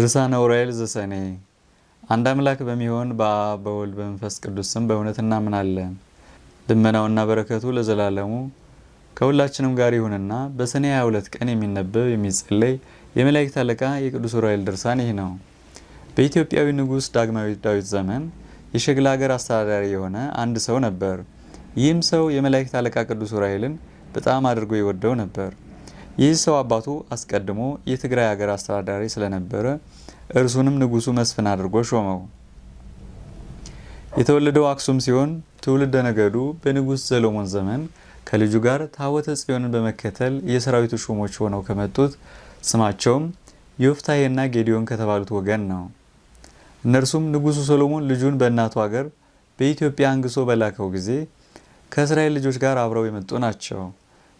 ድርሳነ ዑራኤል ዘሰኔ። አንድ አምላክ በሚሆን በአብ በወልድ በመንፈስ ቅዱስ ስም በእውነት እናምናለን። ልመናውና በረከቱ ለዘላለሙ ከሁላችንም ጋር ይሁንና በሰኔ 22 ቀን የሚነበብ የሚጸለይ የመላእክት አለቃ የቅዱስ ዑራኤል ድርሳን ይህ ነው። በኢትዮጵያዊ ንጉሥ ዳግማዊ ዳዊት ዘመን የሸግላ ሀገር አስተዳዳሪ የሆነ አንድ ሰው ነበር። ይህም ሰው የመላእክት አለቃ ቅዱስ ዑራኤልን በጣም አድርጎ ይወደው ነበር። ይህ ሰው አባቱ አስቀድሞ የትግራይ ሀገር አስተዳዳሪ ስለነበረ እርሱንም ንጉሱ መስፍን አድርጎ ሾመው። የተወለደው አክሱም ሲሆን ትውልደ ነገዱ በንጉስ ሰሎሞን ዘመን ከልጁ ጋር ታወተ ጽዮንን በመከተል የሰራዊቱ ሹሞች ሆነው ከመጡት ስማቸውም ዮፍታሔና ጌዲዮን ከተባሉት ወገን ነው። እነርሱም ንጉሱ ሰሎሞን ልጁን በእናቱ ሀገር በኢትዮጵያ አንግሶ በላከው ጊዜ ከእስራኤል ልጆች ጋር አብረው የመጡ ናቸው።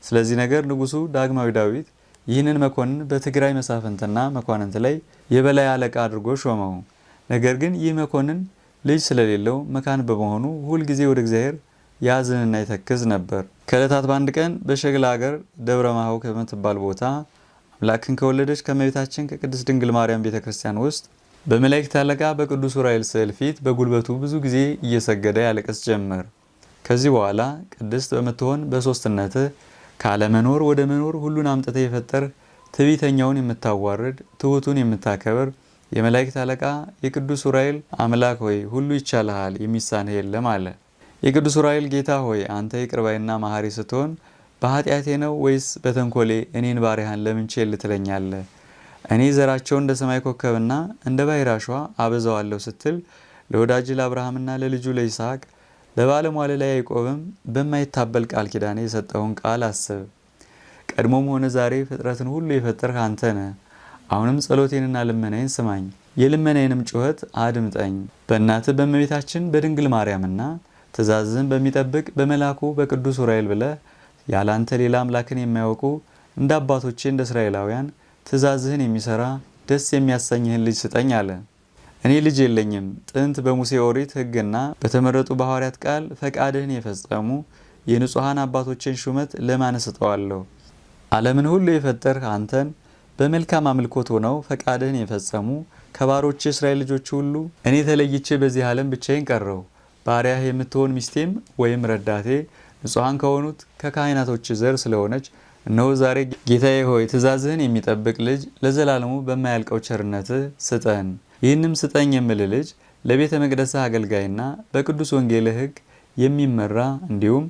ስለዚህ ነገር ንጉሱ ዳግማዊ ዳዊት ይህንን መኮንን በትግራይ መሳፍንትና መኳንንት ላይ የበላይ አለቃ አድርጎ ሾመው። ነገር ግን ይህ መኮንን ልጅ ስለሌለው መካን በመሆኑ ሁልጊዜ ወደ እግዚአብሔር ያዝንና ይተክዝ ነበር። ከእለታት በአንድ ቀን በሸግላ ሀገር ደብረ ማሀው ከምትባል ቦታ አምላክን ከወለደች ከመቤታችን ከቅድስት ድንግል ማርያም ቤተ ክርስቲያን ውስጥ በመላእክት አለቃ በቅዱስ ዑራኤል ስዕል ፊት በጉልበቱ ብዙ ጊዜ እየሰገደ ያለቀስ ጀመር። ከዚህ በኋላ ቅድስት በምትሆን በሶስትነትህ ካለመኖር ወደ መኖር ሁሉን አምጥተ የፈጠር ትቢተኛውን የምታዋርድ ትሑቱን የምታከብር የመላእክት አለቃ የቅዱስ ዑራኤል አምላክ ሆይ ሁሉ ይቻልሃል የሚሳንህ የለም አለ። የቅዱስ ዑራኤል ጌታ ሆይ አንተ ይቅር ባይና መሐሪ ስትሆን በኃጢአቴ ነው ወይስ በተንኮሌ እኔን ባሪያህን ለምን ቸል እኔ ዘራቸው እንደ ሰማይ ኮከብና እንደ ባሕር አሸዋ አበዛዋለሁ ስትል ለወዳጅ ለአብርሃምና ለልጁ ለይስሐቅ ለባለሟል ላይ ያዕቆብም በማይታበል ቃል ኪዳኔ የሰጠውን ቃል አስብ። ቀድሞም ሆነ ዛሬ ፍጥረትን ሁሉ የፈጠርህ አንተ ነህ። አሁንም ጸሎቴንና ልመናዬን ስማኝ፣ የልመናዬንም ጩኸት አድምጠኝ። በእናትህ በእመቤታችን በድንግል ማርያምና ትእዛዝህን በሚጠብቅ በመልአኩ በቅዱስ ዑራኤል ብለህ ያላንተ ሌላ አምላክን የማያውቁ እንደ አባቶቼ እንደ እስራኤላውያን ትእዛዝህን የሚሰራ ደስ የሚያሰኝህን ልጅ ስጠኝ አለ። እኔ ልጅ የለኝም። ጥንት በሙሴ ኦሪት ሕግና በተመረጡ ባሕርያት ቃል ፈቃድህን የፈጸሙ የንጹሐን አባቶችን ሹመት ለማን እሰጠዋለሁ? ዓለምን ሁሉ የፈጠርህ አንተን በመልካም አምልኮት ሆነው ፈቃድህን የፈጸሙ ከባሮች የእስራኤል ልጆች ሁሉ እኔ ተለይቼ በዚህ ዓለም ብቻዬን ቀረው። ባሪያህ የምትሆን ሚስቴም ወይም ረዳቴ ንጹሐን ከሆኑት ከካህናቶች ዘር ስለሆነች እነሆ ዛሬ ጌታዬ ሆይ ትእዛዝህን የሚጠብቅ ልጅ ለዘላለሙ በማያልቀው ቸርነትህ ስጠን። ይህንም ስጠኝ የምል ልጅ ለቤተ መቅደስህ አገልጋይና በቅዱስ ወንጌልህ ህግ የሚመራ እንዲሁም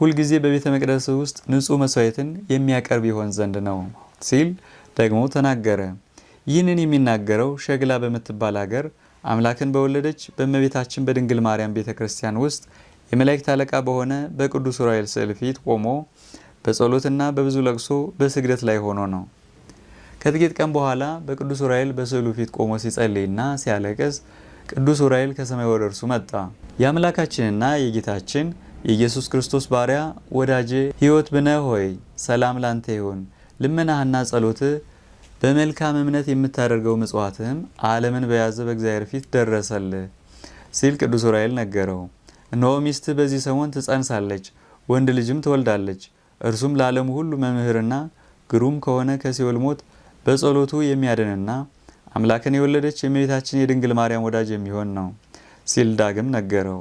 ሁልጊዜ በቤተ መቅደስ ውስጥ ንጹህ መስዋዕትን የሚያቀርብ ይሆን ዘንድ ነው ሲል ደግሞ ተናገረ። ይህንን የሚናገረው ሸግላ በምትባል አገር አምላክን በወለደች በእመቤታችን በድንግል ማርያም ቤተ ክርስቲያን ውስጥ የመላእክት አለቃ በሆነ በቅዱስ ዑራኤል ስዕል ፊት ቆሞ በጸሎትና በብዙ ለቅሶ በስግደት ላይ ሆኖ ነው። ከጥቂት ቀን በኋላ በቅዱስ ዑራኤል በስዕሉ ፊት ቆሞ ሲጸልይና ሲያለቅስ ቅዱስ ዑራኤል ከሰማይ ወደ እርሱ መጣ። የአምላካችንና የጌታችን የኢየሱስ ክርስቶስ ባሪያ ወዳጄ ሕይወት ብነ ሆይ ሰላም ላንተ ይሁን። ልመናህና ጸሎት በመልካም እምነት የምታደርገው ምጽዋትህም ዓለምን በያዘ በእግዚአብሔር ፊት ደረሰልህ ሲል ቅዱስ ዑራኤል ነገረው። እነሆ ሚስትህ በዚህ ሰሞን ትጸንሳለች፣ ወንድ ልጅም ትወልዳለች። እርሱም ለዓለሙ ሁሉ መምህርና ግሩም ከሆነ ከሲኦል ሞት በጸሎቱ የሚያድንና አምላክን የወለደች የእመቤታችን የድንግል ማርያም ወዳጅ የሚሆን ነው ሲል ዳግም ነገረው።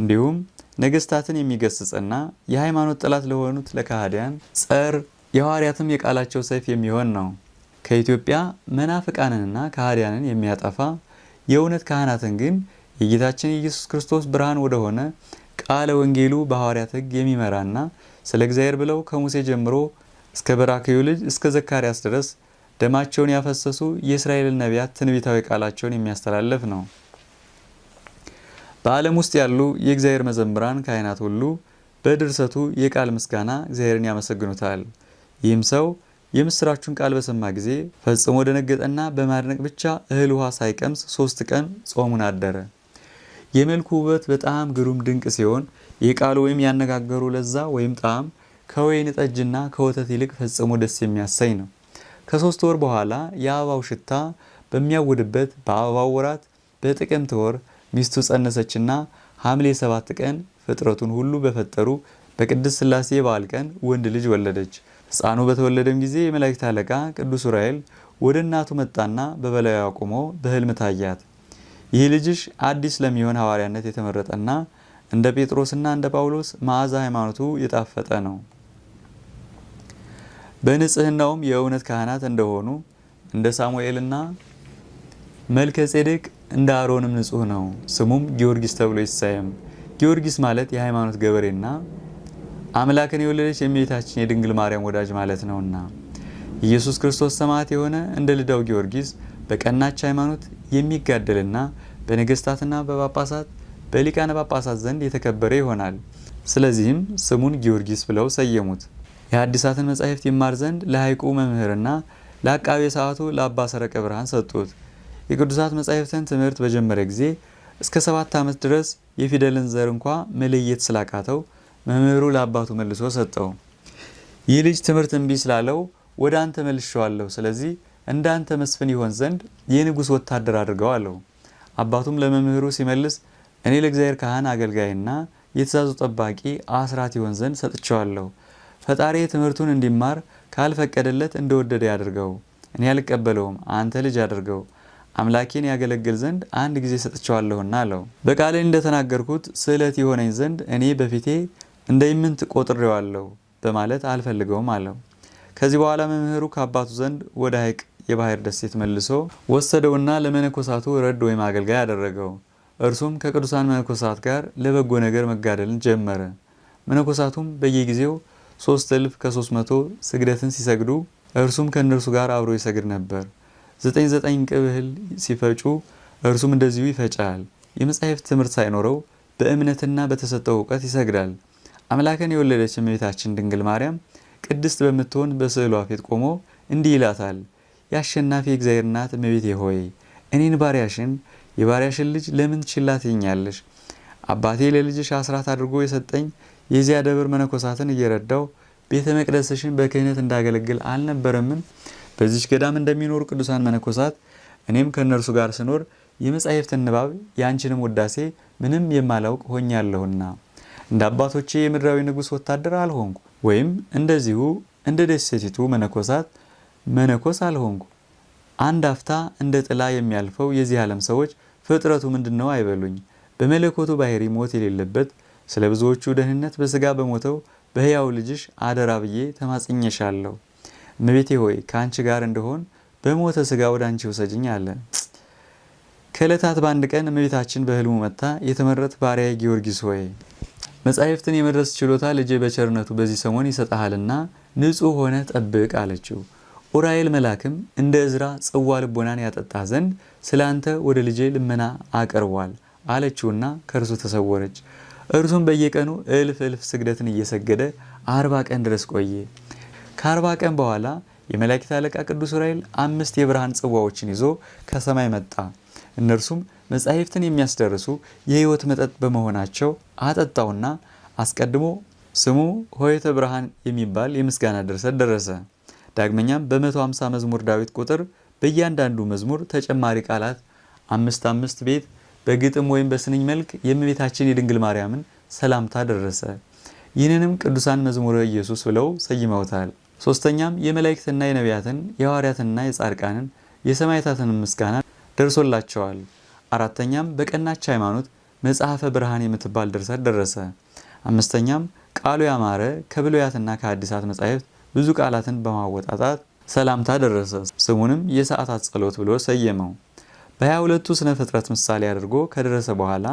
እንዲሁም ነገስታትን የሚገስጽና የሃይማኖት ጠላት ለሆኑት ለካህዲያን ጸር የሐዋርያትም የቃላቸው ሰይፍ የሚሆን ነው። ከኢትዮጵያ መናፍቃንንና ካህዲያንን የሚያጠፋ የእውነት ካህናትን ግን የጌታችን የኢየሱስ ክርስቶስ ብርሃን ወደሆነ ቃለ ወንጌሉ በሐዋርያት ሕግ የሚመራና ስለ እግዚአብሔር ብለው ከሙሴ ጀምሮ እስከ በራክዩ ልጅ እስከ ዘካርያስ ድረስ ደማቸውን ያፈሰሱ የእስራኤልን ነቢያት ትንቢታዊ ቃላቸውን የሚያስተላልፍ ነው። በዓለም ውስጥ ያሉ የእግዚአብሔር መዘምራን ካህናት ሁሉ በድርሰቱ የቃል ምስጋና እግዚአብሔርን ያመሰግኑታል። ይህም ሰው የምስራቹን ቃል በሰማ ጊዜ ፈጽሞ ደነገጠና በማድነቅ ብቻ እህል ውሃ ሳይቀምስ ሶስት ቀን ጾሙን አደረ። የመልኩ ውበት በጣም ግሩም ድንቅ ሲሆን የቃሉ ወይም ያነጋገሩ ለዛ ወይም ጣዕም ከወይን ጠጅና ከወተት ይልቅ ፈጽሞ ደስ የሚያሰኝ ነው። ከሶስት ወር በኋላ የአበባው ሽታ በሚያውድበት በአበባው ወራት በጥቅምት ወር ሚስቱ ጸነሰችና ሐምሌ ሰባት ቀን ፍጥረቱን ሁሉ በፈጠሩ በቅድስት ስላሴ በዓል ቀን ወንድ ልጅ ወለደች። ሕፃኑ በተወለደም ጊዜ የመላእክት አለቃ ቅዱስ ዑራኤል ወደ እናቱ መጣና በበላዩ አቁሞ በሕልም ታያት። ይህ ልጅሽ አዲስ ለሚሆን ሐዋርያነት የተመረጠና እንደ ጴጥሮስና እንደ ጳውሎስ መዓዛ ሃይማኖቱ የጣፈጠ ነው። በንጽህናውም የእውነት ካህናት እንደሆኑ እንደ ሳሙኤልና መልከ ጼዴቅ እንደ አሮንም ንጹህ ነው። ስሙም ጊዮርጊስ ተብሎ ይሳየም። ጊዮርጊስ ማለት የሃይማኖት ገበሬና አምላክን የወለደች የእመቤታችን የድንግል ማርያም ወዳጅ ማለት ነውና ኢየሱስ ክርስቶስ ሰማዕት የሆነ እንደ ልዳው ጊዮርጊስ በቀናች ሃይማኖት የሚጋደልና በነገስታትና በጳጳሳት በሊቃነ ጳጳሳት ዘንድ የተከበረ ይሆናል። ስለዚህም ስሙን ጊዮርጊስ ብለው ሰየሙት። የአዲሳትን መጻሕፍት ይማር ዘንድ ለሐይቁ መምህርና ለአቃቤ ሰዓቱ ለአባ ሰረቀ ብርሃን ሰጡት። የቅዱሳት መጻሕፍትን ትምህርት በጀመረ ጊዜ እስከ ሰባት ዓመት ድረስ የፊደልን ዘር እንኳ መለየት ስላቃተው መምህሩ ለአባቱ መልሶ ሰጠው። ይህ ልጅ ትምህርት እምቢ ስላለው ወደ አንተ መልሸዋለሁ። ስለዚህ እንደ አንተ መስፍን ይሆን ዘንድ የንጉሥ ወታደር አድርገው አለው። አባቱም ለመምህሩ ሲመልስ እኔ ለእግዚአብሔር ካህን አገልጋይና የትእዛዙ ጠባቂ አስራት ይሆን ዘንድ ሰጥቸዋለሁ። ፈጣሪ ትምህርቱን እንዲማር ካልፈቀደለት እንደወደደ ያደርገው። እኔ አልቀበለውም፣ አንተ ልጅ አድርገው አምላኬን ያገለግል ዘንድ አንድ ጊዜ ሰጥቸዋለሁና አለው። በቃሌ እንደተናገርኩት ስዕለት የሆነኝ ዘንድ እኔ በፊቴ እንደ ኢምንት ቆጥሬዋለሁ በማለት አልፈልገውም አለው። ከዚህ በኋላ መምህሩ ከአባቱ ዘንድ ወደ ሐይቅ የባህር ደሴት መልሶ ወሰደውና ለመነኮሳቱ ረድ ወይም አገልጋይ አደረገው። እርሱም ከቅዱሳን መነኮሳት ጋር ለበጎ ነገር መጋደልን ጀመረ። መነኮሳቱም በየጊዜው ሶስት እልፍ ከሶስት መቶ ስግደትን ሲሰግዱ እርሱም ከእነርሱ ጋር አብሮ ይሰግድ ነበር። ዘጠኝ ዘጠኝ ቅብህል ሲፈጩ እርሱም እንደዚሁ ይፈጫል። የመጻሕፍት ትምህርት ሳይኖረው በእምነትና በተሰጠው እውቀት ይሰግዳል። አምላክን የወለደች እመቤታችን ድንግል ማርያም ቅድስት በምትሆን በስዕሏ ፊት ቆሞ እንዲህ ይላታል። የአሸናፊ እግዚአብሔር እናት እመቤቴ ሆይ እኔን ባሪያሽን የባሪያሽን ልጅ ለምን ችላ ትይኛለሽ? አባቴ ለልጅሽ አስራት አድርጎ የሰጠኝ የዚያ ደብር መነኮሳትን እየረዳው ቤተ መቅደስሽን በክህነት እንዳገለግል አልነበረምን? በዚች ገዳም እንደሚኖሩ ቅዱሳን መነኮሳት እኔም ከእነርሱ ጋር ስኖር የመጻሕፍትን ንባብ የአንቺንም ውዳሴ ምንም የማላውቅ ሆኛለሁና እንደ አባቶቼ የምድራዊ ንጉሥ ወታደር አልሆንኩ፣ ወይም እንደዚሁ እንደ ደሴቲቱ መነኮሳት መነኮስ አልሆንኩ። አንድ አፍታ እንደ ጥላ የሚያልፈው የዚህ ዓለም ሰዎች ፍጥረቱ ምንድን ነው አይበሉኝ። በመለኮቱ ባህሪ ሞት የሌለበት ስለ ብዙዎቹ ደህንነት በስጋ በሞተው በሕያው ልጅሽ አደራ ብዬ ተማጽኘሻለሁ። እመቤቴ ሆይ ከአንቺ ጋር እንደሆን በሞተ ስጋ ወደ አንቺ ውሰጅኝ አለ። ከእለታት በአንድ ቀን እመቤታችን በህልሙ መጥታ የተመረጥ ባሪያ ጊዮርጊስ ሆይ መጻሕፍትን የመድረስ ችሎታ ልጄ በቸርነቱ በዚህ ሰሞን ይሰጠሃልና ንጹሕ ሆነ ጠብቅ አለችው። ኡራኤል መልአክም እንደ እዝራ ጽዋ ልቦናን ያጠጣ ዘንድ ስለ አንተ ወደ ልጄ ልመና አቅርቧል አለችውና ከእርሱ ተሰወረች። እርሱም በየቀኑ እልፍ እልፍ ስግደትን እየሰገደ አርባ ቀን ድረስ ቆየ። ከአርባ ቀን በኋላ የመላእክት አለቃ ቅዱስ ዑራኤል አምስት የብርሃን ጽዋዎችን ይዞ ከሰማይ መጣ። እነርሱም መጻሕፍትን የሚያስደርሱ የሕይወት መጠጥ በመሆናቸው አጠጣውና አስቀድሞ ስሙ ሆይተ ብርሃን የሚባል የምስጋና ድርሰት ደረሰ። ዳግመኛም በ150 መዝሙር ዳዊት ቁጥር በእያንዳንዱ መዝሙር ተጨማሪ ቃላት አምስት አምስት ቤት በግጥም ወይም በስንኝ መልክ የእመቤታችን የድንግል ማርያምን ሰላምታ ደረሰ። ይህንንም ቅዱሳን መዝሙረ ኢየሱስ ብለው ሰይመውታል። ሶስተኛም የመላእክትና የነቢያትን የሐዋርያትና የጻድቃንን የሰማዕታትንም ምስጋና ደርሶላቸዋል። አራተኛም በቀናች ሃይማኖት መጽሐፈ ብርሃን የምትባል ድርሰት ደረሰ። አምስተኛም ቃሉ ያማረ ከብሉያትና ከአዲሳት መጻሕፍት ብዙ ቃላትን በማወጣጣት ሰላምታ ደረሰ። ስሙንም የሰዓታት ጸሎት ብሎ ሰየመው። በሀያ ሁለቱ ስነ ፍጥረት ምሳሌ አድርጎ ከደረሰ በኋላ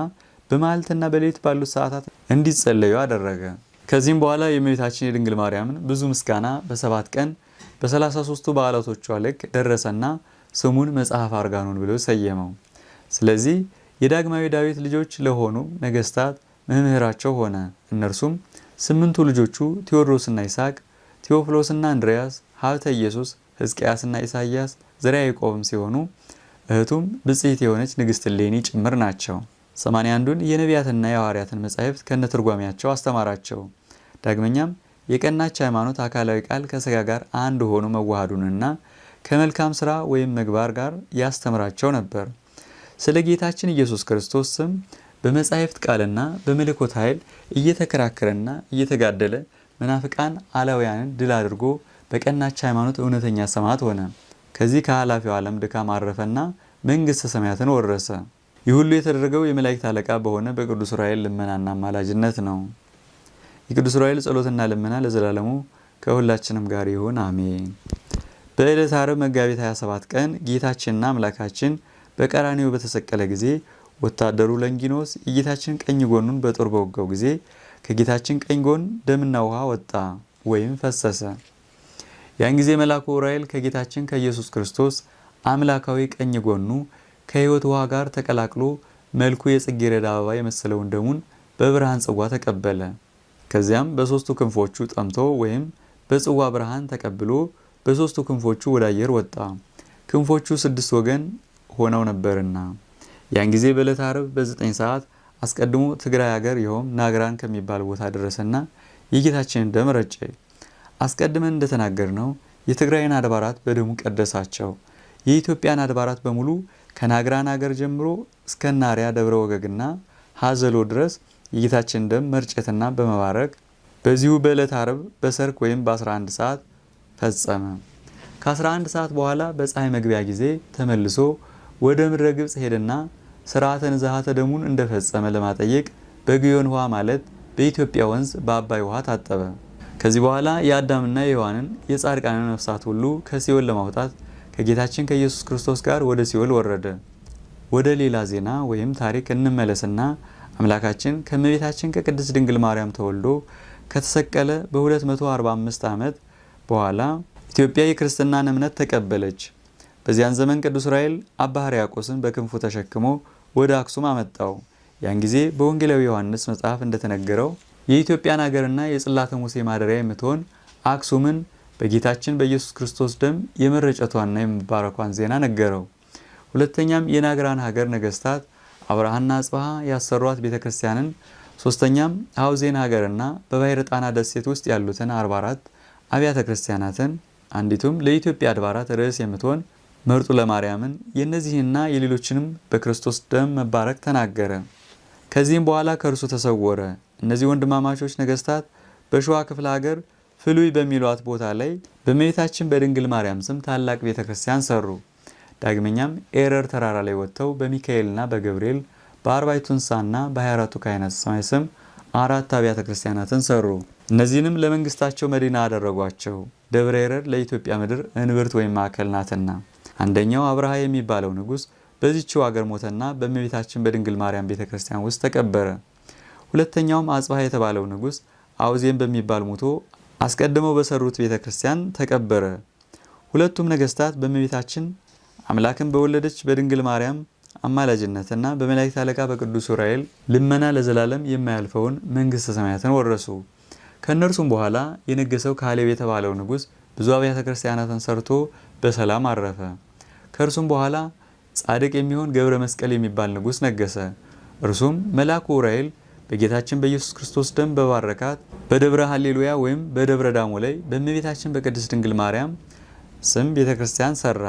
በመዓልትና በሌሊት ባሉት ሰዓታት እንዲጸለዩ አደረገ። ከዚህም በኋላ የእመቤታችን የድንግል ማርያምን ብዙ ምስጋና በሰባት ቀን በሰላሳ ሶስቱ በዓላቶቿ ልክ ደረሰና ስሙን መጽሐፍ አርጋኖን ብሎ ሰየመው። ስለዚህ የዳግማዊ ዳዊት ልጆች ለሆኑ ነገስታት መምህራቸው ሆነ። እነርሱም ስምንቱ ልጆቹ ቴዎድሮስና ይስሐቅ፣ ቴዎፍሎስና አንድሪያስ፣ ሀብተ ኢየሱስ፣ ሕዝቅያስና ኢሳይያስ፣ ዘርዓ ያዕቆብም ሲሆኑ እህቱም ብጽሕት የሆነች ንግሥት ሌኒ ጭምር ናቸው። ሰማንያ አንዱን የነቢያትና የሐዋርያትን መጻሕፍት ከነትርጓሚያቸው አስተማራቸው። ዳግመኛም የቀናች ሃይማኖት አካላዊ ቃል ከሥጋ ጋር አንድ ሆኖ መዋሃዱንና ከመልካም ሥራ ወይም ምግባር ጋር ያስተምራቸው ነበር። ስለ ጌታችን ኢየሱስ ክርስቶስ ስም በመጻሕፍት ቃልና በመለኮት ኃይል እየተከራከረና እየተጋደለ መናፍቃን አላውያንን ድል አድርጎ በቀናች ሃይማኖት እውነተኛ ሰማዕት ሆነ። ከዚህ ከኃላፊው ዓለም ድካም አረፈና መንግሥተ ሰማያትን ወረሰ። ይህ ሁሉ የተደረገው የመላእክት አለቃ በሆነ በቅዱስ ዑራኤል ልመናና አማላጅነት ነው። የቅዱስ ዑራኤል ጸሎትና ልመና ለዘላለሙ ከሁላችንም ጋር ይሁን አሜን። በዕለተ ዓርብ መጋቢት 27 ቀን ጌታችንና አምላካችን በቀራኔው በተሰቀለ ጊዜ ወታደሩ ለንጊኖስ የጌታችን ቀኝ ጎኑን በጦር በወጋው ጊዜ ከጌታችን ቀኝ ጎን ደምና ውሃ ወጣ ወይም ፈሰሰ። ያን ጊዜ መልአኩ ዑራኤል ከጌታችን ከኢየሱስ ክርስቶስ አምላካዊ ቀኝ ጎኑ ከሕይወት ውሃ ጋር ተቀላቅሎ መልኩ የጽጌረዳ አበባ የመሰለውን ደሙን በብርሃን ጽዋ ተቀበለ። ከዚያም በሦስቱ ክንፎቹ ጠምቶ ወይም በጽዋ ብርሃን ተቀብሎ በሦስቱ ክንፎቹ ወደ አየር ወጣ። ክንፎቹ ስድስት ወገን ሆነው ነበርና ያን ጊዜ በዕለተ ዓርብ በዘጠኝ ሰዓት አስቀድሞ ትግራይ ሀገር ይኸውም ናግራን ከሚባል ቦታ ደረሰና የጌታችንን ደም ረጨ። አስቀድመን እንደተናገርነው የትግራይን አድባራት በደሙ ቀደሳቸው። የኢትዮጵያን አድባራት በሙሉ ከናግራን አገር ጀምሮ እስከ ናሪያ ደብረ ወገግና ሀዘሎ ድረስ የጌታችን ደም መርጨትና በመባረክ በዚሁ በዕለት አርብ በሰርክ ወይም በ11 ሰዓት ፈጸመ። ከ11 ሰዓት በኋላ በፀሐይ መግቢያ ጊዜ ተመልሶ ወደ ምድረ ግብፅ ሄደና ስርዓተ ንዝሃተ ደሙን እንደፈጸመ ለማጠየቅ በግዮን ውሃ ማለት በኢትዮጵያ ወንዝ በአባይ ውሃ ታጠበ። ከዚህ በኋላ የአዳምና የሔዋንን የጻድቃን ነፍሳት ሁሉ ከሲኦል ለማውጣት ከጌታችን ከኢየሱስ ክርስቶስ ጋር ወደ ሲኦል ወረደ። ወደ ሌላ ዜና ወይም ታሪክ እንመለስና አምላካችን ከእመቤታችን ከቅድስት ድንግል ማርያም ተወልዶ ከተሰቀለ በ245 ዓመት በኋላ ኢትዮጵያ የክርስትናን እምነት ተቀበለች። በዚያን ዘመን ቅዱስ ራኤል አባ ሕርያቆስን በክንፉ ተሸክሞ ወደ አክሱም አመጣው። ያን ጊዜ በወንጌላዊ ዮሐንስ መጽሐፍ እንደተነገረው የኢትዮጵያን ሀገርና የጽላተ ሙሴ ማደሪያ የምትሆን አክሱምን በጌታችን በኢየሱስ ክርስቶስ ደም የመረጨቷና የመባረኳን ዜና ነገረው። ሁለተኛም የናግራን ሀገር ነገስታት አብርሃና አጽብሃ ያሰሯት ቤተ ክርስቲያንን፣ ሶስተኛም ሀውዜን ሀገርና በባሕረ ጣና ደሴት ውስጥ ያሉትን 44 አብያተ ክርስቲያናትን፣ አንዲቱም ለኢትዮጵያ አድባራት ርዕስ የምትሆን መርጡ ለማርያምን የእነዚህንና የሌሎችንም በክርስቶስ ደም መባረክ ተናገረ። ከዚህም በኋላ ከእርሱ ተሰወረ። እነዚህ ወንድማማቾች ነገስታት በሸዋ ክፍለ ሀገር ፍሉይ በሚሏት ቦታ ላይ በእመቤታችን በድንግል ማርያም ስም ታላቅ ቤተ ክርስቲያን ሰሩ። ዳግመኛም ኤረር ተራራ ላይ ወጥተው በሚካኤልና በገብርኤል በአርባዕቱ እንስሳና በ24ቱ ካህናተ ሰማይ ስም አራት አብያተ ክርስቲያናትን ሰሩ። እነዚህንም ለመንግስታቸው መዲና አደረጓቸው። ደብረ ኤረር ለኢትዮጵያ ምድር እንብርት ወይም ማዕከል ናትና። አንደኛው አብርሃ የሚባለው ንጉስ በዚችው አገር ሞተና በእመቤታችን በድንግል ማርያም ቤተ ክርስቲያን ውስጥ ተቀበረ። ሁለተኛውም አጽባህ የተባለው ንጉስ አውዜም በሚባል ሞቶ አስቀድመው በሰሩት ቤተ ክርስቲያን ተቀበረ። ሁለቱም ነገስታት በእመቤታችን አምላክን በወለደች በድንግል ማርያም አማላጅነትና በመላእክት አለቃ በቅዱስ ዑራኤል ልመና ለዘላለም የማያልፈውን መንግስተ ሰማያትን ወረሱ። ከእነርሱም በኋላ የነገሰው ካሌብ የተባለው ንጉስ ብዙ አብያተ ክርስቲያናትን ሰርቶ በሰላም አረፈ። ከእርሱም በኋላ ጻድቅ የሚሆን ገብረ መስቀል የሚባል ንጉሥ ነገሰ። እርሱም መልአኩ ዑራኤል በጌታችን በኢየሱስ ክርስቶስ ደም በባረካት በደብረ ሀሌሉያ ወይም በደብረ ዳሞ ላይ በእመቤታችን በቅድስት ድንግል ማርያም ስም ቤተ ክርስቲያን ሰራ።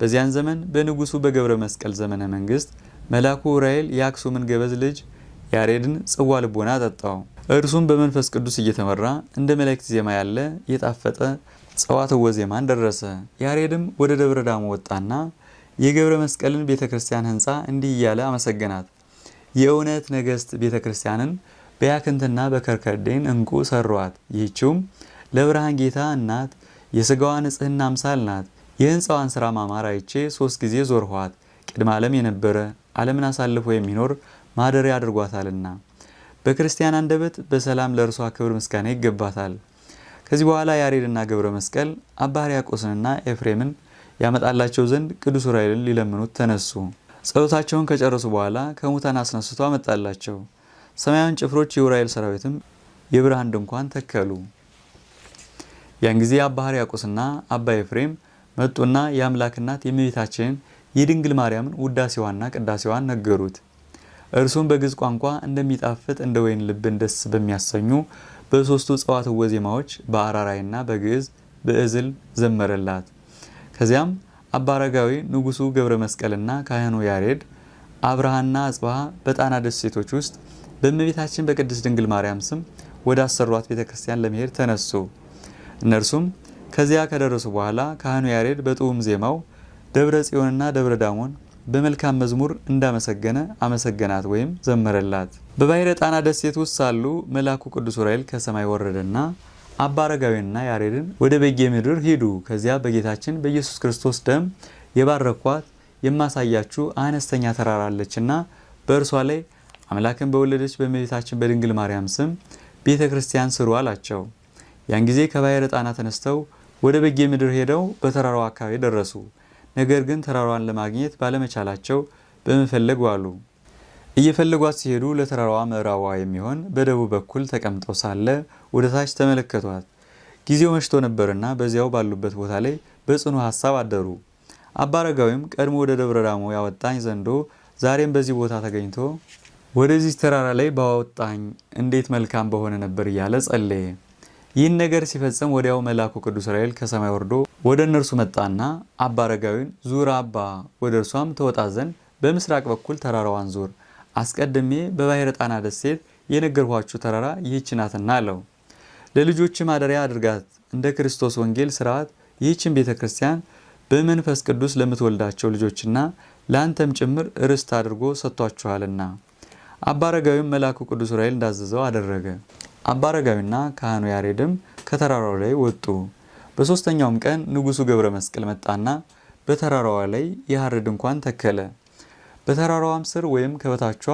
በዚያን ዘመን በንጉሱ በገብረ መስቀል ዘመነ መንግስት መልአኩ ዑራኤል የአክሱምን ገበዝ ልጅ ያሬድን ጽዋ ልቦና አጠጣው። እርሱም በመንፈስ ቅዱስ እየተመራ እንደ መላእክት ዜማ ያለ የጣፈጠ ጸዋትወ ዜማን ደረሰ። ያሬድም ወደ ደብረ ዳሞ ወጣና የገብረ መስቀልን ቤተ ክርስቲያን ህንፃ እንዲህ እያለ አመሰገናት። የእውነት ነገስት ቤተ ክርስቲያንን በያክንትና በከርከርዴን እንቁ ሰሯት። ይህችውም ለብርሃን ጌታ እናት የስጋዋ ንጽህና አምሳል ናት። የህንፃዋን ስራ ማማር አይቼ ሶስት ጊዜ ዞርኋት። ቅድመ ዓለም የነበረ ዓለምን አሳልፎ የሚኖር ማደሪያ አድርጓታልና በክርስቲያን አንደበት በሰላም ለእርሷ ክብር ምስጋና ይገባታል። ከዚህ በኋላ ያሬድና ገብረ መስቀል አባ ሕርያቆስንና ኤፍሬምን ያመጣላቸው ዘንድ ቅዱስ ዑራኤልን ሊለምኑት ተነሱ። ጸሎታቸውን ከጨረሱ በኋላ ከሙታን አስነስቶ አመጣላቸው። ሰማያዊን ጭፍሮች የዑራኤል ሰራዊትም የብርሃን ድንኳን ተከሉ። ያን ጊዜ አባ ሕርያቆስና አባ ኤፍሬም መጡና የአምላክ እናት የእመቤታችንን የድንግል ማርያምን ውዳሴዋና ቅዳሴዋን ነገሩት። እርሱም በግዕዝ ቋንቋ እንደሚጣፍጥ እንደ ወይን ልብን ደስ በሚያሰኙ በሦስቱ ጸዋትወ ዜማዎች በአራራይና በግዕዝ በእዝል ዘመረላት። ከዚያም አባ አረጋዊ፣ ንጉሱ ገብረ መስቀልና ካህኑ ያሬድ፣ አብርሃና አጽብሃ በጣና ደሴቶች ውስጥ በእመቤታችን በቅድስት ድንግል ማርያም ስም ወደ አሰሯት ቤተ ክርስቲያን ለመሄድ ተነሱ። እነርሱም ከዚያ ከደረሱ በኋላ ካህኑ ያሬድ በጥዑም ዜማው ደብረ ጽዮንና ደብረ ዳሞን በመልካም መዝሙር እንዳመሰገነ አመሰገናት ወይም ዘመረላት። በባሕረ ጣና ደሴት ውስጥ ሳሉ መልአኩ ቅዱስ ዑራኤል ከሰማይ ወረደና አባ አረጋዊንና ያሬድን ወደ በጌ ምድር ሂዱ፣ ከዚያ በጌታችን በኢየሱስ ክርስቶስ ደም የባረኳት የማሳያችሁ አነስተኛ ተራራ አለችና በእርሷ ላይ አምላክን በወለደች በእመቤታችን በድንግል ማርያም ስም ቤተ ክርስቲያን ስሩ አላቸው። ያን ጊዜ ከባሕረ ጣና ተነስተው ወደ በጌ ምድር ሄደው በተራራው አካባቢ ደረሱ። ነገር ግን ተራራዋን ለማግኘት ባለመቻላቸው በመፈለግ ዋሉ። እየፈለጓት ሲሄዱ ለተራራዋ ምዕራቧ የሚሆን በደቡብ በኩል ተቀምጠው ሳለ ወደ ታች ተመለከቷት። ጊዜው መሽቶ ነበርና በዚያው ባሉበት ቦታ ላይ በጽኑ ሐሳብ አደሩ። አባ አረጋዊም ቀድሞ ወደ ደብረ ዳሞ ያወጣኝ ዘንዶ ዛሬም በዚህ ቦታ ተገኝቶ ወደዚህ ተራራ ላይ ባወጣኝ እንዴት መልካም በሆነ ነበር እያለ ጸለየ። ይህን ነገር ሲፈጽም ወዲያው መልአኩ ቅዱስ ዑራኤል ከሰማይ ወርዶ ወደ እነርሱ መጣና አባ አረጋዊን ዙር አባ፣ ወደ እርሷም ተወጣ ዘንድ በምስራቅ በኩል ተራራዋን ዙር አስቀድሜ በባህረ ጣና ደሴት የነገርኋችሁ ተራራ ይህች ናትና አለው። ለልጆች ማደሪያ አድርጋት እንደ ክርስቶስ ወንጌል ስርዓት ይህችን ቤተ ክርስቲያን በመንፈስ ቅዱስ ለምትወልዳቸው ልጆችና ለአንተም ጭምር ርስት አድርጎ ሰጥቷችኋልና። አባረጋዊም መልአኩ ቅዱስ ዑራኤል እንዳዘዘው አደረገ። አባረጋዊና ካህኑ ያሬድም ከተራራው ላይ ወጡ። በሦስተኛውም ቀን ንጉሡ ገብረ መስቀል መጣና በተራራዋ ላይ የሐር ድንኳን ተከለ። በተራራዋም ስር ወይም ከበታቿ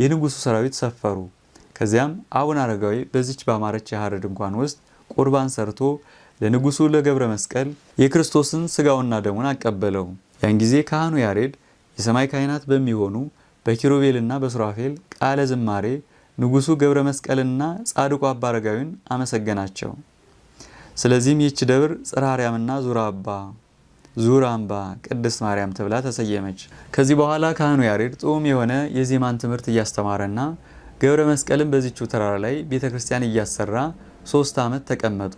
የንጉሱ ሰራዊት ሰፈሩ። ከዚያም አቡነ አረጋዊ በዚች ባማረች የሐር ድንኳን ውስጥ ቁርባን ሰርቶ ለንጉሱ ለገብረ መስቀል የክርስቶስን ስጋውና ደሙን አቀበለው። ያን ጊዜ ካህኑ ያሬድ የሰማይ ካህናት በሚሆኑ በኪሩቤልና በሱራፌል ቃለ ዝማሬ ንጉሡ ገብረ መስቀልና ጻድቁ አባ አረጋዊን አመሰገናቸው። ስለዚህም ይህች ደብር ጽራርያምና ዙራ አባ ዙር አምባ ቅድስት ማርያም ተብላ ተሰየመች። ከዚህ በኋላ ካህኑ ያሬድ ጥዑም የሆነ የዜማን ትምህርት እያስተማረና ገብረ መስቀልም በዚችው ተራራ ላይ ቤተ ክርስቲያን እያሰራ ሶስት ዓመት ተቀመጡ።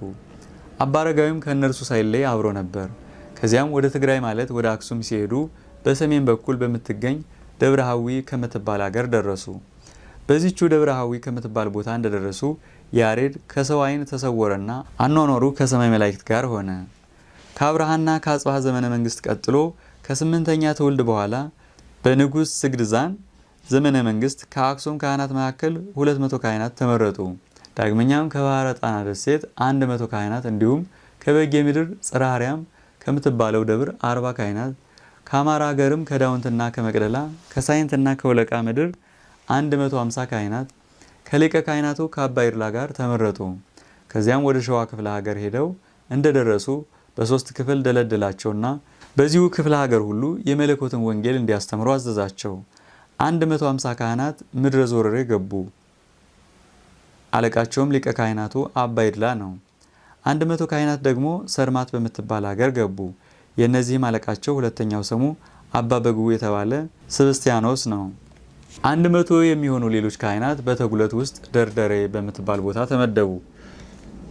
አባረጋዊም አረጋዊም ከእነርሱ ሳይለይ አብሮ ነበር። ከዚያም ወደ ትግራይ ማለት ወደ አክሱም ሲሄዱ በሰሜን በኩል በምትገኝ ደብረ ከምትባል አገር ደረሱ። በዚቹ ደብረ ከምትባል ቦታ እንደደረሱ ያሬድ ከሰው ዓይን ተሰወረና አኗኗሩ ከሰማይ መላእክት ጋር ሆነ። ከአብርሃና ከአጽዋ ዘመነ መንግስት ቀጥሎ ከስምንተኛ ትውልድ በኋላ በንጉሥ ስግድዛን ዘመነ መንግስት ከአክሱም ካህናት መካከል 200 ካህናት ተመረጡ። ዳግመኛም ከባህረ ጣና ደሴት 100 ካህናት እንዲሁም ከበጌ ምድር ጽራሪያም ከምትባለው ደብር 40 ካህናት ከአማራ ሀገርም ከዳውንትና ከመቅደላ ከሳይንትና ከወለቃ ምድር 150 ካህናት ከሊቀ ካህናቱ ከአባ ጋር ተመረጡ። ከዚያም ወደ ሸዋ ክፍለ ሀገር ሄደው እንደደረሱ በሶስት ክፍል ደለደላቸውና በዚሁ ክፍለ ሀገር ሁሉ የመለኮትን ወንጌል እንዲያስተምሩ አዘዛቸው። 150 ካህናት ምድረ ዞረሬ ገቡ። አለቃቸውም ሊቀ ካህናቱ አባ ይድላ ነው። 100 ካህናት ደግሞ ሰርማት በምትባል ሀገር ገቡ። የእነዚህም አለቃቸው ሁለተኛው ስሙ አባ በጉ የተባለ ስብስቲያኖስ ነው። 100 የሚሆኑ ሌሎች ካህናት በተጉለት ውስጥ ደርደሬ በምትባል ቦታ ተመደቡ።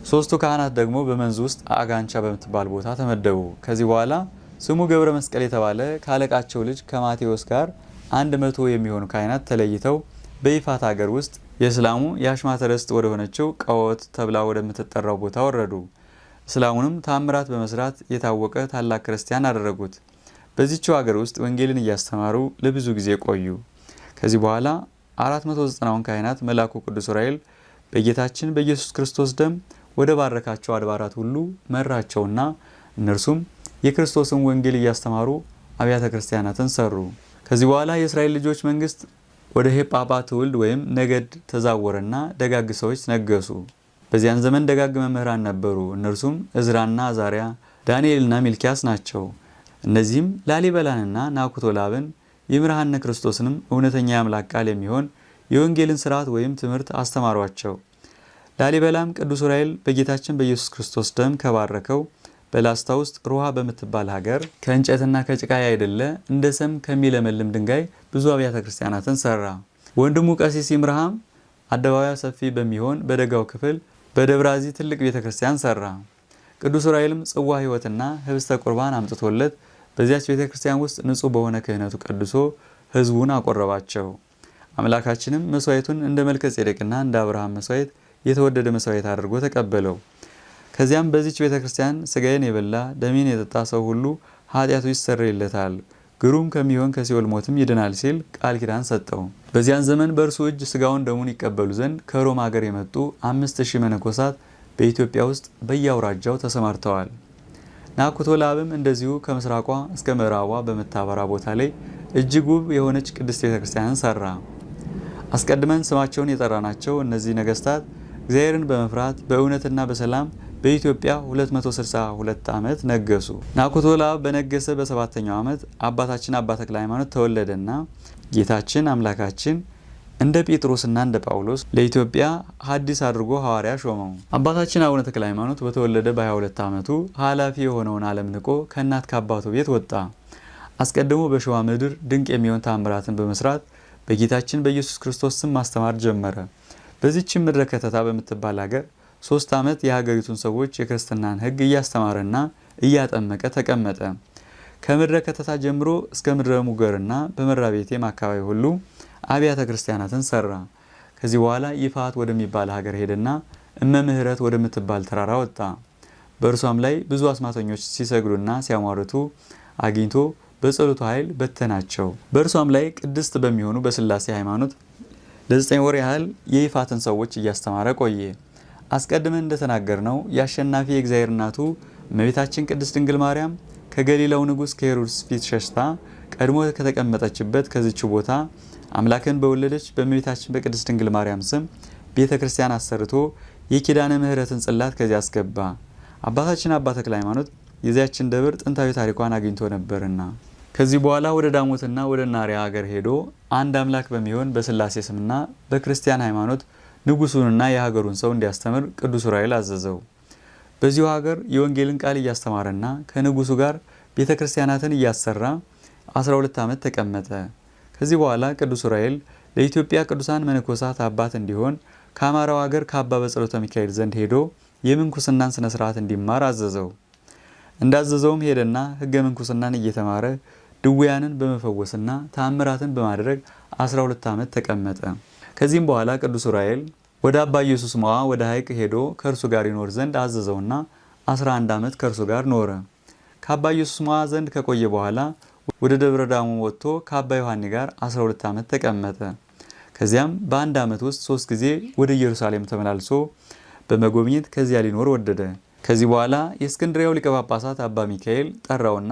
ሶስቱ ካህናት ደግሞ በመንዝ ውስጥ አጋንቻ በምትባል ቦታ ተመደቡ። ከዚህ በኋላ ስሙ ገብረ መስቀል የተባለ ከአለቃቸው ልጅ ከማቴዎስ ጋር አንድ መቶ የሚሆኑ ካህናት ተለይተው በይፋት ሀገር ውስጥ የእስላሙ የአሽማተረስጥ ወደ ወደሆነችው ቀወት ተብላ ወደምትጠራው ቦታ ወረዱ። እስላሙንም ታምራት በመስራት የታወቀ ታላቅ ክርስቲያን አደረጉት። በዚችው ሀገር ውስጥ ወንጌልን እያስተማሩ ለብዙ ጊዜ ቆዩ። ከዚህ በኋላ 490ውን ካህናት መልአኩ ቅዱስ ዑራኤል በጌታችን በኢየሱስ ክርስቶስ ደም ወደ ባረካቸው አድባራት ሁሉ መራቸውና እነርሱም የክርስቶስን ወንጌል እያስተማሩ አብያተ ክርስቲያናትን ሰሩ። ከዚህ በኋላ የእስራኤል ልጆች መንግስት ወደ ሄጳጳ ትውልድ ወይም ነገድ ተዛወረና ደጋግ ሰዎች ነገሱ። በዚያን ዘመን ደጋግ መምህራን ነበሩ። እነርሱም እዝራና አዛሪያ፣ ዳንኤልና ሚልኪያስ ናቸው። እነዚህም ላሊበላንና ናኩቶላብን የምርሃነ ክርስቶስንም እውነተኛ የአምላክ ቃል የሚሆን የወንጌልን ስርዓት ወይም ትምህርት አስተማሯቸው። ላሊበላም ቅዱስ ዑራኤል በጌታችን በኢየሱስ ክርስቶስ ደም ከባረከው በላስታ ውስጥ ሮሃ በምትባል ሀገር ከእንጨትና ከጭቃ አይደለ እንደ ሰም ከሚለመልም ድንጋይ ብዙ አብያተ ክርስቲያናትን ሰራ። ወንድሙ ቀሲስ ይምርሃም አደባባያ ሰፊ በሚሆን በደጋው ክፍል በደብራዚ ትልቅ ቤተ ክርስቲያን ሰራ። ቅዱስ ዑራኤልም ጽዋ ሕይወትና ህብስተ ቁርባን አምጥቶለት በዚያች ቤተ ክርስቲያን ውስጥ ንጹሕ በሆነ ክህነቱ ቀድሶ ህዝቡን አቆረባቸው። አምላካችንም መስዋዕቱን እንደ መልከ ጼዴቅና እንደ አብርሃም መስዋዕት የተወደደ መስዋዕት አድርጎ ተቀበለው። ከዚያም በዚች ቤተ ክርስቲያን ስጋዬን የበላ ደሜን የጠጣ ሰው ሁሉ ኃጢአቱ ይሰረይለታል ግሩም ከሚሆን ከሲኦል ሞትም ይድናል ሲል ቃል ኪዳን ሰጠው። በዚያን ዘመን በእርሱ እጅ ስጋውን ደሙን ይቀበሉ ዘንድ ከሮም ሀገር የመጡ አምስት ሺህ መነኮሳት በኢትዮጵያ ውስጥ በየአውራጃው ተሰማርተዋል። ናኩቶ ለአብም እንደዚሁ ከምስራቋ እስከ ምዕራቧ በምታበራ ቦታ ላይ እጅግ ውብ የሆነች ቅድስት ቤተ ክርስቲያንን ሰራ። አስቀድመን ስማቸውን የጠራናቸው እነዚህ ነገስታት እግዚአብሔርን በመፍራት በእውነትና በሰላም በኢትዮጵያ 262 ዓመት ነገሱ። ናኩቶላ በነገሰ በሰባተኛው ዓመት አባታችን አባ ተክለ ሃይማኖት ተወለደና ጌታችን አምላካችን እንደ ጴጥሮስና እንደ ጳውሎስ ለኢትዮጵያ ሐዲስ አድርጎ ሐዋርያ ሾመው። አባታችን አቡነ ተክለ ሃይማኖት በተወለደ በ22 ዓመቱ ኃላፊ የሆነውን ዓለም ንቆ ከእናት ከአባቱ ቤት ወጣ። አስቀድሞ በሸዋ ምድር ድንቅ የሚሆን ታምራትን በመስራት በጌታችን በኢየሱስ ክርስቶስ ስም ማስተማር ጀመረ። በዚች ምድረ ከተታ በምትባል ሀገር ሶስት ዓመት የሀገሪቱን ሰዎች የክርስትናን ሕግ እያስተማረና እያጠመቀ ተቀመጠ። ከምድረ ከተታ ጀምሮ እስከ ምድረ ሙገርና በመራ ቤቴም አካባቢ ሁሉ አብያተ ክርስቲያናትን ሰራ። ከዚህ በኋላ ይፋት ወደሚባል ሀገር ሄደና እመምህረት ወደምትባል ተራራ ወጣ። በእርሷም ላይ ብዙ አስማተኞች ሲሰግዱና ሲያሟርቱ አግኝቶ በጸሎቱ ኃይል በተናቸው። በእርሷም ላይ ቅድስት በሚሆኑ በስላሴ ሃይማኖት ለዘጠኝ ወር ያህል የይፋትን ሰዎች እያስተማረ ቆየ። አስቀድመን እንደተናገር ነው የአሸናፊ የእግዚአብሔር እናቱ እመቤታችን ቅድስት ድንግል ማርያም ከገሊላው ንጉሥ ከሄሮድስ ፊት ሸሽታ ቀድሞ ከተቀመጠችበት ከዚች ቦታ አምላክን በወለደች በእመቤታችን በቅድስት ድንግል ማርያም ስም ቤተ ክርስቲያን አሰርቶ የኪዳነ ምሕረትን ጽላት ከዚያ አስገባ። አባታችን አባ ተክለ ሃይማኖት የዚያችን ደብር ጥንታዊ ታሪኳን አግኝቶ ነበርና ከዚህ በኋላ ወደ ዳሞትና ወደ ናሪያ ሀገር ሄዶ አንድ አምላክ በሚሆን በስላሴ ስምና በክርስቲያን ሃይማኖት ንጉሱንና የሀገሩን ሰው እንዲያስተምር ቅዱስ ዑራኤል አዘዘው። በዚሁ ሀገር የወንጌልን ቃል እያስተማረና ከንጉሱ ጋር ቤተ ክርስቲያናትን እያሰራ 12 ዓመት ተቀመጠ። ከዚህ በኋላ ቅዱስ ዑራኤል ለኢትዮጵያ ቅዱሳን መነኮሳት አባት እንዲሆን ከአማራው ሀገር ከአባ በጸሎተ ሚካኤል ዘንድ ሄዶ የምንኩስናን ስነ ስርዓት እንዲማር አዘዘው። እንዳዘዘውም ሄደና ህገ ምንኩስናን እየተማረ ድውያንን በመፈወስና ተአምራትን በማድረግ 12 ዓመት ተቀመጠ። ከዚህም በኋላ ቅዱስ ዑራኤል ወደ አባ ኢየሱስ መዋ ወደ ሐይቅ ሄዶ ከእርሱ ጋር ይኖር ዘንድ አዘዘውና 11 ዓመት ከእርሱ ጋር ኖረ። ከአባ ኢየሱስ መዋ ዘንድ ከቆየ በኋላ ወደ ደብረ ዳሞ ወጥቶ ከአባ ዮሐኒ ጋር 12 ዓመት ተቀመጠ። ከዚያም በአንድ ዓመት ውስጥ ሶስት ጊዜ ወደ ኢየሩሳሌም ተመላልሶ በመጎብኘት ከዚያ ሊኖር ወደደ። ከዚህ በኋላ የእስክንድሪያው ሊቀ ጳጳሳት አባ ሚካኤል ጠራውና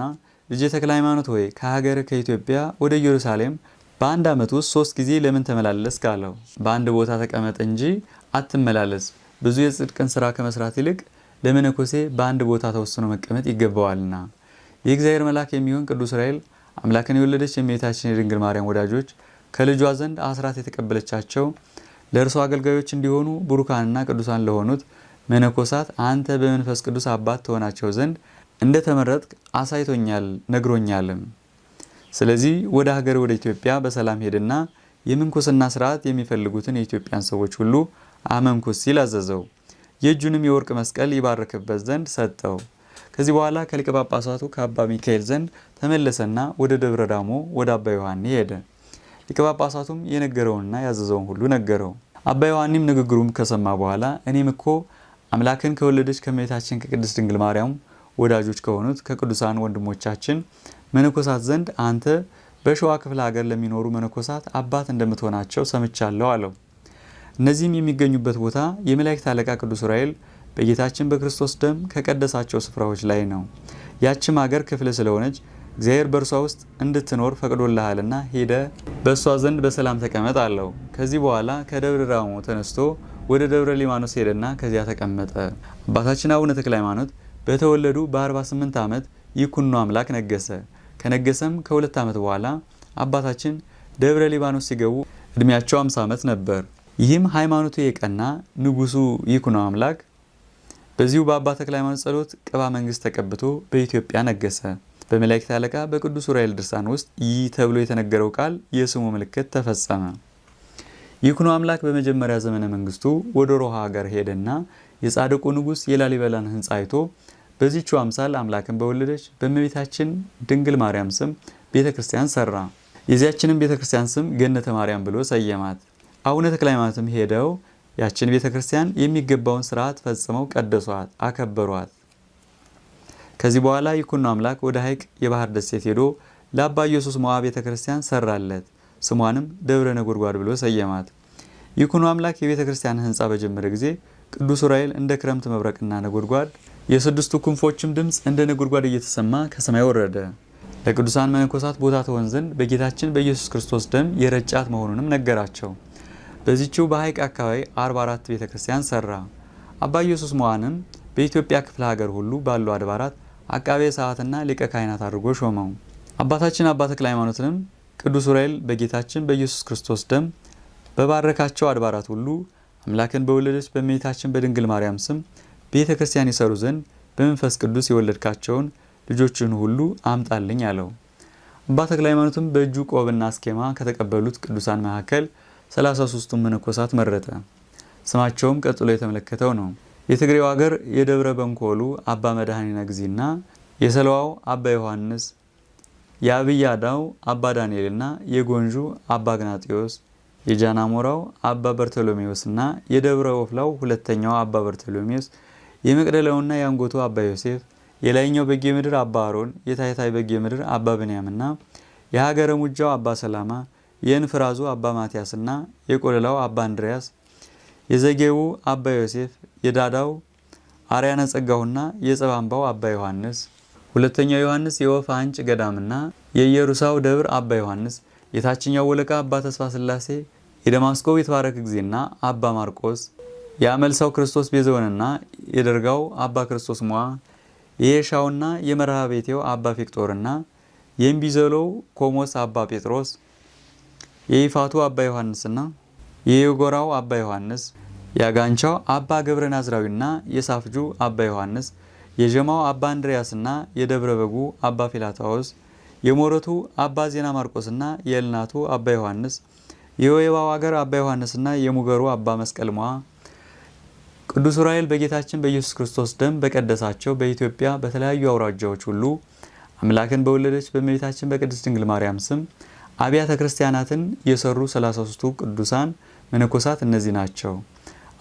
ልጄ ተክለ ሃይማኖት ሆይ ከሀገር ከኢትዮጵያ ወደ ኢየሩሳሌም በአንድ ዓመት ውስጥ ሶስት ጊዜ ለምን ተመላለስክ አለው። በአንድ ቦታ ተቀመጥ እንጂ አትመላለስ፣ ብዙ የጽድቅን ስራ ከመስራት ይልቅ ለመነኮሴ በአንድ ቦታ ተወስኖ መቀመጥ ይገባዋልና። የእግዚአብሔር መልአክ የሚሆን ቅዱስ ራኤል አምላክን የወለደች የእመቤታችን የድንግል ማርያም ወዳጆች ከልጇ ዘንድ አስራት የተቀበለቻቸው ለእርሶ አገልጋዮች እንዲሆኑ ብሩካንና ቅዱሳን ለሆኑት መነኮሳት አንተ በመንፈስ ቅዱስ አባት ትሆናቸው ዘንድ እንደተመረጥክ አሳይቶኛል ነግሮኛልም። ስለዚህ ወደ ሀገር ወደ ኢትዮጵያ በሰላም ሄድና የምንኩስና ስርዓት የሚፈልጉትን የኢትዮጵያን ሰዎች ሁሉ አመንኩስ ሲል አዘዘው። የእጁንም የወርቅ መስቀል ይባርክበት ዘንድ ሰጠው። ከዚህ በኋላ ከሊቀ ጳጳሳቱ ከአባ ሚካኤል ዘንድ ተመለሰና ወደ ደብረ ዳሞ ወደ አባ ዮሐኒ ሄደ። ሊቀ ጳጳሳቱም የነገረውንና ያዘዘውን ሁሉ ነገረው። አባ ዮሐኒም ንግግሩም ከሰማ በኋላ እኔም እኮ አምላክን ከወለደች ከእመቤታችን ከቅድስት ድንግል ማርያም ወዳጆች ከሆኑት ከቅዱሳን ወንድሞቻችን መነኮሳት ዘንድ አንተ በሸዋ ክፍለ ሀገር ለሚኖሩ መነኮሳት አባት እንደምትሆናቸው ሰምቻለሁ አለው። እነዚህም የሚገኙበት ቦታ የመላእክት አለቃ ቅዱስ ዑራኤል በጌታችን በክርስቶስ ደም ከቀደሳቸው ስፍራዎች ላይ ነው። ያችም ሀገር ክፍል ስለሆነች እግዚአብሔር በእርሷ ውስጥ እንድትኖር ፈቅዶልሃልና ሄደ በእሷ ዘንድ በሰላም ተቀመጥ አለው። ከዚህ በኋላ ከደብረ ዳሞ ተነስቶ ወደ ደብረ ሊማኖስ ሄደና ከዚያ ተቀመጠ። አባታችን አቡነ ተክለ ሃይማኖት በተወለዱ በ48 ዓመት ይኩኖ አምላክ ነገሰ። ከነገሰም ከሁለት ዓመት በኋላ አባታችን ደብረ ሊባኖስ ሲገቡ እድሜያቸው 50 ዓመት ነበር። ይህም ሃይማኖቱ የቀና ንጉሱ ይኩኖ አምላክ በዚሁ በአባ ተክለ ሃይማኖት ጸሎት ቅባ መንግስት ተቀብቶ በኢትዮጵያ ነገሰ። በመላእክት አለቃ በቅዱስ ዑራኤል ድርሳን ውስጥ ይህ ተብሎ የተነገረው ቃል የስሙ ምልክት ተፈጸመ። ይኩኖ አምላክ በመጀመሪያ ዘመነ መንግስቱ ወደ ሮሃ ሀገር ሄደና የጻድቁ ንጉሥ የላሊበላን ህንፃ አይቶ በዚቹ አምሳል አምላክን በወለደች በእመቤታችን ድንግል ማርያም ስም ቤተ ክርስቲያን ሰራ። የዚያችንም ቤተ ክርስቲያን ስም ገነተ ማርያም ብሎ ሰየማት። አቡነ ተክለ ሃይማኖትም ሄደው ያችን ቤተ ክርስቲያን የሚገባውን ስርዓት ፈጽመው ቀደሷት፣ አከበሯት። ከዚህ በኋላ ይኩኖ አምላክ ወደ ሐይቅ የባህር ደሴት ሄዶ ለአባ ኢየሱስ ሞዓ ቤተ ክርስቲያን ሰራለት። ስሟንም ደብረ ነጎድጓድ ብሎ ሰየማት። ይኩኖ አምላክ የቤተ ክርስቲያን ህንፃ በጀመረ ጊዜ ቅዱስ ዑራኤል እንደ ክረምት መብረቅና ነጎድጓድ የስድስቱ ክንፎችም ድምፅ እንደ ነጎድጓድ እየተሰማ ከሰማይ ወረደ። ለቅዱሳን መነኮሳት ቦታ ትሆን ዘንድ በጌታችን በኢየሱስ ክርስቶስ ደም የረጫት መሆኑንም ነገራቸው። በዚችው በሐይቅ አካባቢ 44 ቤተ ክርስቲያን ሰራ። አባ ኢየሱስ መዋንም በኢትዮጵያ ክፍለ ሀገር ሁሉ ባሉ አድባራት አቃቤ ሰዓትና ሊቀ ካህናት አድርጎ ሾመው። አባታችን አባ ተክለ ሃይማኖትንም ቅዱስ ዑራኤል በጌታችን በኢየሱስ ክርስቶስ ደም በባረካቸው አድባራት ሁሉ አምላክን በወለደች በእመቤታችን በድንግል ማርያም ስም ቤተ ክርስቲያን ይሰሩ ዘንድ በመንፈስ ቅዱስ የወለድካቸውን ልጆችን ሁሉ አምጣልኝ አለው። አባ ተክለ ሃይማኖትም በእጁ ቆብና አስኬማ ከተቀበሉት ቅዱሳን መካከል 33ቱን መነኮሳት መረጠ። ስማቸውም ቀጥሎ የተመለከተው ነው። የትግሬው ሀገር የደብረ በንኮሉ አባ መድኃኒነ ጊዜና የሰለዋው አባ ዮሐንስ የአብያዳው አባ ዳንኤልና የጎንዡ አባ ግናጢዮስ የጃናሞራው አባ በርቶሎሜዎስና የደብረ ወፍላው ሁለተኛው አባ በርቶሎሜዎስ የመቅደላውና የአንጎቱ አባ ዮሴፍ የላይኛው በጌ ምድር አባ አሮን የታይታይ በጌ ምድር አባ ብንያምና የሀገረ ሙጃው አባ ሰላማ የእንፍራዙ አባ ማቲያስና የቆለላው አባ አንድሪያስ የዘጌው አባ ዮሴፍ የዳዳው አርያነ ጸጋሁና የጸባምባው አባ ዮሐንስ ሁለተኛው ዮሐንስ የወፍ አንጭ ገዳምና የኢየሩሳው ደብር አባ ዮሐንስ፣ የታችኛው ወለቃ አባ ተስፋ ስላሴ፣ የደማስቆ የተባረክ ጊዜና አባ ማርቆስ፣ የአመልሳው ክርስቶስ ቤዘወንና የደርጋው አባ ክርስቶስ ሞዋ፣ የየሻውና የመርሃ ቤቴው አባ ፊቅጦርና የእምቢዘሎው ኮሞስ አባ ጴጥሮስ፣ የይፋቱ አባ ዮሐንስና የየጎራው አባ ዮሐንስ፣ የአጋንቻው አባ ገብረ ናዝራዊና የሳፍጁ አባ ዮሐንስ የጀማው አባ አንድሪያስና የደብረ በጉ አባ ፊላታዎስ የሞረቱ አባ ዜና ማርቆስና የእልናቱ አባ ዮሐንስ የወይባው ሀገር አባ ዮሐንስና የሙገሩ አባ መስቀል ቅዱስ ዑራኤል በጌታችን በኢየሱስ ክርስቶስ ደም በቀደሳቸው በኢትዮጵያ በተለያዩ አውራጃዎች ሁሉ አምላክን በወለደች በእመቤታችን በቅድስት ድንግል ማርያም ስም አብያተ ክርስቲያናትን የሰሩ 33ቱ ቅዱሳን መነኮሳት እነዚህ ናቸው።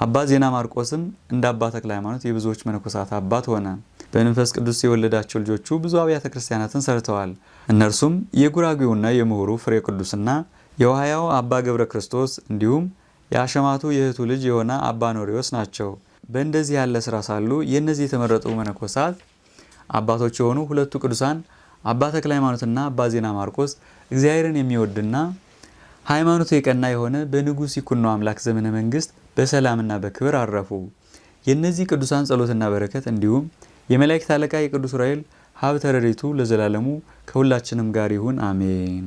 አባ ዜና ማርቆስም እንደ አባ ተክለ ሃይማኖት የብዙዎች መነኮሳት አባት ሆነ። በመንፈስ ቅዱስ የወለዳቸው ልጆቹ ብዙ አብያተ ክርስቲያናትን ሰርተዋል። እነርሱም የጉራጌውና የምሁሩ ፍሬ ቅዱስና የውሃያው አባ ገብረ ክርስቶስ እንዲሁም የአሸማቱ የእህቱ ልጅ የሆነ አባ ኖሪዎስ ናቸው። በእንደዚህ ያለ ስራ ሳሉ የእነዚህ የተመረጡ መነኮሳት አባቶች የሆኑ ሁለቱ ቅዱሳን አባ ተክለ ሃይማኖትና አባ ዜና ማርቆስ እግዚአብሔርን የሚወድና ሃይማኖቱ የቀና የሆነ በንጉሥ ይኩኖ አምላክ ዘመነ መንግስት በሰላምና በክብር አረፉ። የእነዚህ ቅዱሳን ጸሎትና በረከት እንዲሁም የመላእክት አለቃ የቅዱስ ዑራኤል ሀብተ ረድኤቱ ለዘላለሙ ከሁላችንም ጋር ይሁን አሜን።